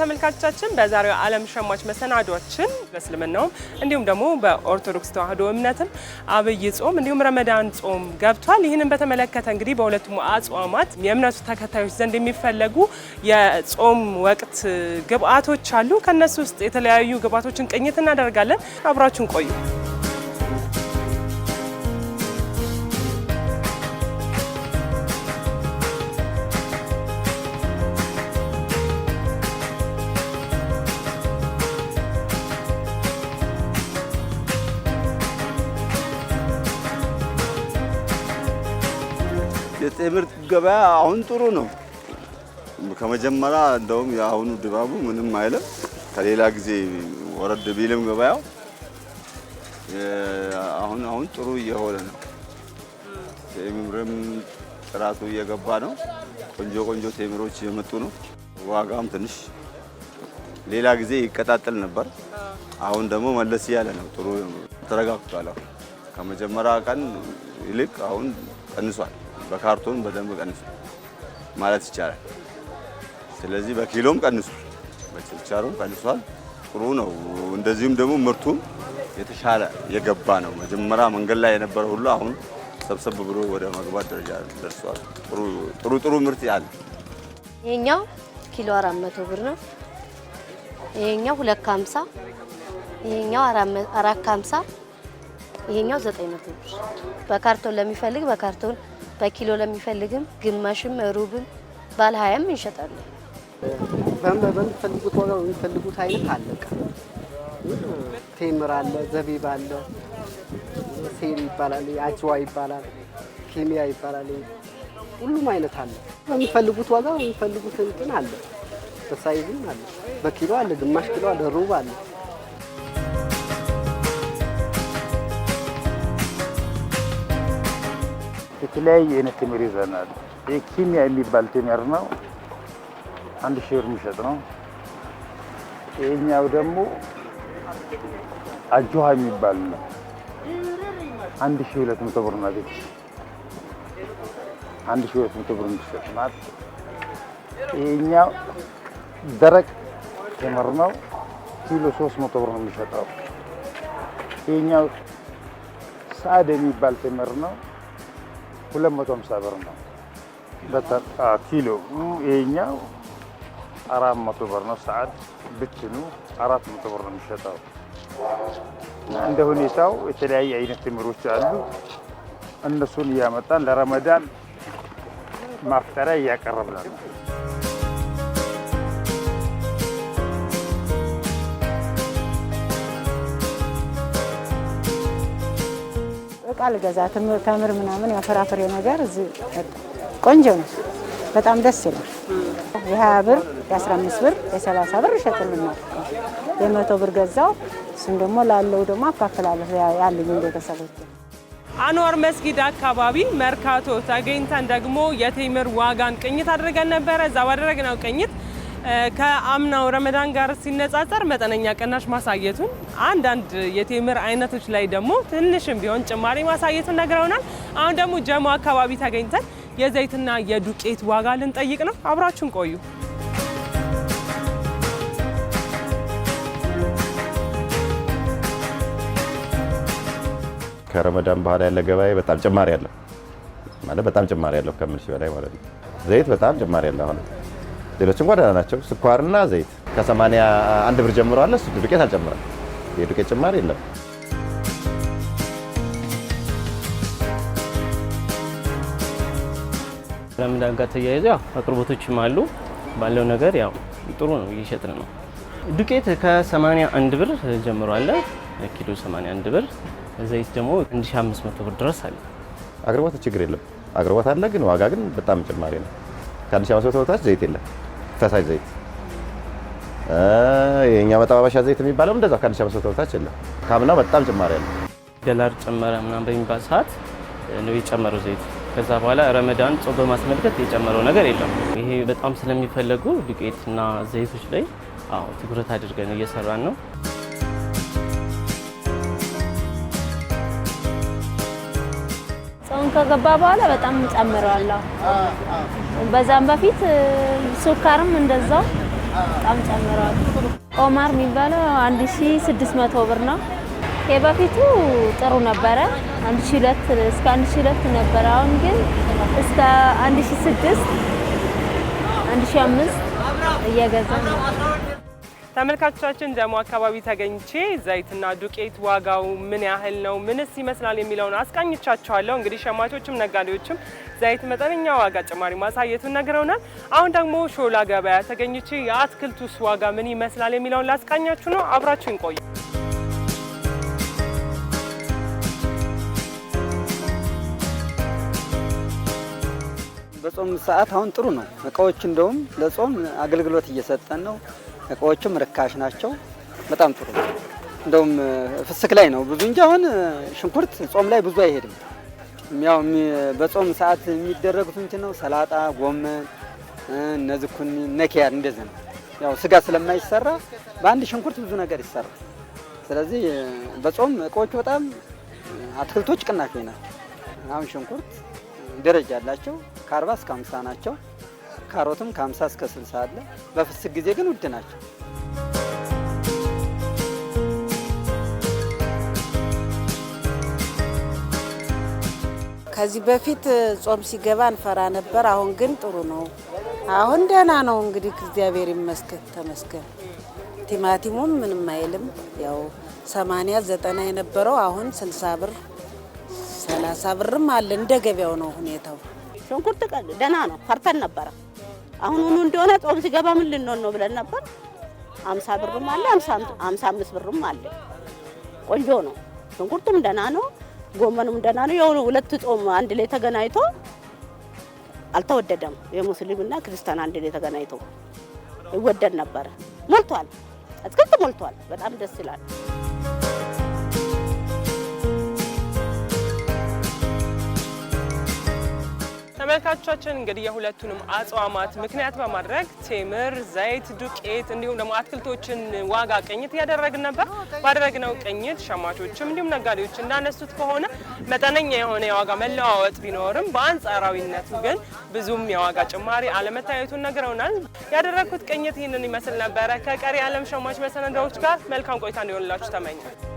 ተመልካቾቻችን በዛሬው ዓለም ሸማች መሰናዷችን በእስልምናውም እንዲሁም ደግሞ በኦርቶዶክስ ተዋህዶ እምነትም አብይ ጾም እንዲሁም ረመዳን ጾም ገብቷል። ይህንን በተመለከተ እንግዲህ በሁለቱም አጽዋማት የእምነቱ ተከታዮች ዘንድ የሚፈለጉ የጾም ወቅት ግብአቶች አሉ። ከነሱ ውስጥ የተለያዩ ግብአቶችን ቅኝት እናደርጋለን። አብራችሁን ቆዩ። የጤምር ገበያ አሁን ጥሩ ነው። ከመጀመሪያ እንደውም የአሁኑ ድባቡ ምንም አይለም። ከሌላ ጊዜ ወረድ ቢልም ገበያው አሁን አሁን ጥሩ እየሆነ ነው። ቴምርም ጥራቱ እየገባ ነው። ቆንጆ ቆንጆ ቴምሮች እየመጡ ነው። ዋጋም ትንሽ ሌላ ጊዜ ይቀጣጠል ነበር። አሁን ደግሞ መለስ እያለ ነው። ጥሩ ተረጋግቷል። ከመጀመሪያ ቀን ይልቅ አሁን ቀንሷል። በካርቶን በደንብ ቀንሱ ማለት ይቻላል። ስለዚህ በኪሎም ቀንሱ፣ በችርቻሮም ቀንሷል። ጥሩ ነው። እንደዚሁም ደግሞ ምርቱም የተሻለ የገባ ነው። መጀመሪያ መንገድ ላይ የነበረ ሁሉ አሁን ሰብሰብ ብሎ ወደ መግባት ደረጃ ደርሷል። ጥሩ ጥሩ ምርት ያለ ይሄኛው ኪሎ 400 ብር ነው። ይሄኛው 250፣ ይሄኛው 450፣ ይሄኛው 900 ብር። በካርቶን ለሚፈልግ በካርቶን በኪሎ ለሚፈልግም ግማሽም ሩብም ባለ ሀያም እንሸጣለን። በምትፈልጉት ዋጋ የሚፈልጉት አይነት አለቀ። ቴምር አለ፣ ዘቢብ አለ፣ ሴል ይባላል፣ አጅዋ ይባላል፣ ኬሚያ ይባላል። ሁሉም አይነት አለ። በሚፈልጉት ዋጋ የሚፈልጉት እንትን አለ፣ በሳይዝም አለ፣ በኪሎ አለ፣ ግማሽ ኪሎ አለ፣ ሩብ አለ። የተለያየ አይነት ቴምር ይዘናል። የኪሚያ የሚባል ቴምር ነው፣ አንድ ሺህ ብር የሚሸጥ ነው። ይህኛው ደግሞ አጆሃ የሚባል ነው፣ አንድ ሺህ ሁለት መቶ ብር ነው። ናገች። አንድ ሺህ ሁለት መቶ ብር የሚሸጥ ናት። ይህኛው ደረቅ ቴምር ነው፣ ኪሎ ሶስት መቶ ብር ነው የሚሸጠው። ይህኛው ሰዓድ የሚባል ቴምር ነው 250 ብር ነው ኪሎ። ይሄኛው 400 ብር ነው። ሰዓት ብትኑ 400 ብር ነው የሚሸጠው። እንደ ሁኔታው የተለያየ አይነት ትምሮች አሉ። እነሱን እያመጣን ለረመዳን ማፍጠሪያ እያቀረብናል። ሾርባ ልገዛ ተምር ምናምን ያፈራፍሬ ነገር እዚህ ቆንጆ ነው። በጣም ደስ ይላል። የሀያ ብር የአስራአምስት ብር የሰላሳ ብር ይሸጥልናል። የመቶ ብር ገዛው። እሱም ደግሞ ላለው ደግሞ አካፍላለሁ ያለኝ ቤተሰቦች አንዋር መስጊድ አካባቢ መርካቶ ተገኝተን ደግሞ የቴምር ዋጋን ቅኝት አድርገን ነበረ። እዛ ባደረግነው ቅኝት ከአምናው ረመዳን ጋር ሲነጻጸር መጠነኛ ቅናሽ ማሳየቱን አንዳንድ የቴምር አይነቶች ላይ ደግሞ ትንሽም ቢሆን ጭማሪ ማሳየቱን ነግረውናል። አሁን ደግሞ ጀሞ አካባቢ ተገኝተን የዘይትና የዱቄት ዋጋ ልንጠይቅ ነው። አብራችሁን ቆዩ። ከረመዳን በኋላ ያለ ገበያ በጣም ጭማሪ አለው ማለት በጣም ጭማሪ ያለው ከምንሽ በላይ ማለት ነው። ዘይት በጣም ጭማሪ አለ አሁን ሌሎችም ጓዳና ናቸው። ስኳርና ዘይት ከ81 ብር ጀምሮ አለ። እሱ ዱቄት አልጨምረም። የዱቄት ጭማሪ የለም። ለምን ጋር ተያይዞ ያው አቅርቦቶችም አሉ። ባለው ነገር ያው ጥሩ ነው፣ እየሸጥን ነው። ዱቄት ከ81 ብር ጀምሮ አለ። ኪሎ 81 ብር። ዘይት ደግሞ 1500 ብር ድረስ አለ። አቅርቦት ችግር የለም። አቅርቦት አለ፣ ግን ዋጋ ግን በጣም ጭማሪ ነው። ከ1500 በታች ዘይት የለም። ፈሳሽ ዘይት የኛ መጠባበሻ ዘይት የሚባለው እንደዛ ከአንድ ሺህ አምስት መቶ በታች የለም። ካምና በጣም ጭማሪ ያለ ዶላር ጨመረ ምናምን በሚባል ሰዓት ነው የጨመረው ዘይት። ከዛ በኋላ ረመዳን ጾም በማስመልከት የጨመረው ነገር የለም። ይሄ በጣም ስለሚፈለጉ ዱቄትና ዘይቶች ላይ አዎ ትኩረት አድርገን እየሰራን ነው። ከገባ በኋላ በጣም ጨምሯል። በዛም በፊት ሱካርም እንደዛው በጣም ጨምሯል። ኦማር የሚባለው 1600 ብር ነው። የበፊቱ ጥሩ ነበረ 1200 እስከ 1200 ነበረ። አሁን ግን እስከ 1600 1500 እየገዛ ነው። ተመልካቾቻችን ጀሞ አካባቢ ተገኝቼ ዘይትና ዱቄት ዋጋው ምን ያህል ነው፣ ምንስ ይመስላል የሚለውን አስቃኝቻችኋለሁ። እንግዲህ ሸማቾችም ነጋዴዎችም ዘይት መጠነኛ ዋጋ ጭማሪ ማሳየቱን ነግረውናል። አሁን ደግሞ ሾላ ገበያ ተገኝቼ የአትክልቱስ ዋጋ ምን ይመስላል የሚለውን ላስቃኛችሁ ነው። አብራችሁ ቆዩ። በጾም ሰዓት አሁን ጥሩ ነው። እቃዎች እንደውም ለጾም አገልግሎት እየሰጠን ነው። እቃዎችም ርካሽ ናቸው። በጣም ጥሩ ነው። እንደውም ፍስክ ላይ ነው ብዙ እንጂ አሁን ሽንኩርት ጾም ላይ ብዙ አይሄድም። ያው በጾም ሰዓት የሚደረጉት ምንድን ነው? ሰላጣ፣ ጎመን፣ እነዚህ ኩኒ፣ ነኪያር እንደዚህ ነው። ያው ስጋ ስለማይሰራ በአንድ ሽንኩርት ብዙ ነገር ይሰራል። ስለዚህ በጾም እቃዎቹ በጣም አትክልቶች ቅናሽ ናቸው። አሁን ሽንኩርት ደረጃ ያላቸው ከአርባ እስከ አምሳ ናቸው። ካሮትም ከ50 እስከ 60 አለ። በፍስክ ጊዜ ግን ውድ ናቸው። ከዚህ በፊት ጾም ሲገባ እንፈራ ነበር። አሁን ግን ጥሩ ነው። አሁን ደህና ነው። እንግዲህ እግዚአብሔር ይመስገን ተመስገን። ቲማቲሙም ምንም አይልም። ያው ሰማንያ ዘጠና የነበረው አሁን 60 ብር 30 ብርም አለ። እንደ ገበያው ነው ሁኔታው። ሽንኩርት ደህና ነው። ፈርተን ነበረ አሁን ሆኖ እንደሆነ ጾም ሲገባ ምን ልንሆን ነው ብለን ነበር። አምሳ ብርም አለ አምሳ አምስት ብርም አለ። ቆንጆ ነው። ሽንኩርቱም ደህና ነው፣ ጎመኑም ደህና ነው። የሆነ ሁለት ጾም አንድ ላይ ተገናኝቶ አልተወደደም። የሙስሊምና ክርስቲያን አንድ ላይ ተገናኝቶ ይወደድ ነበረ። ሞልቷል፣ አትክልት ሞልቷል። በጣም ደስ ይላል። ተመልካቾቻችን እንግዲህ የሁለቱንም አጽዋማት ምክንያት በማድረግ ቴምር፣ ዘይት፣ ዱቄት እንዲሁም ደግሞ አትክልቶችን ዋጋ ቅኝት እያደረግን ነበር። ባደረግነው ቅኝት ሸማቾችም እንዲሁም ነጋዴዎች እንዳነሱት ከሆነ መጠነኛ የሆነ የዋጋ መለዋወጥ ቢኖርም በአንጻራዊነቱ ግን ብዙም የዋጋ ጭማሪ አለመታየቱን ነግረውናል። ያደረግኩት ቅኝት ይህንን ይመስል ነበረ። ከቀሪ የዓለም ሸማች መሰነዳዎች ጋር መልካም ቆይታ እንዲሆንላችሁ ተመኛል።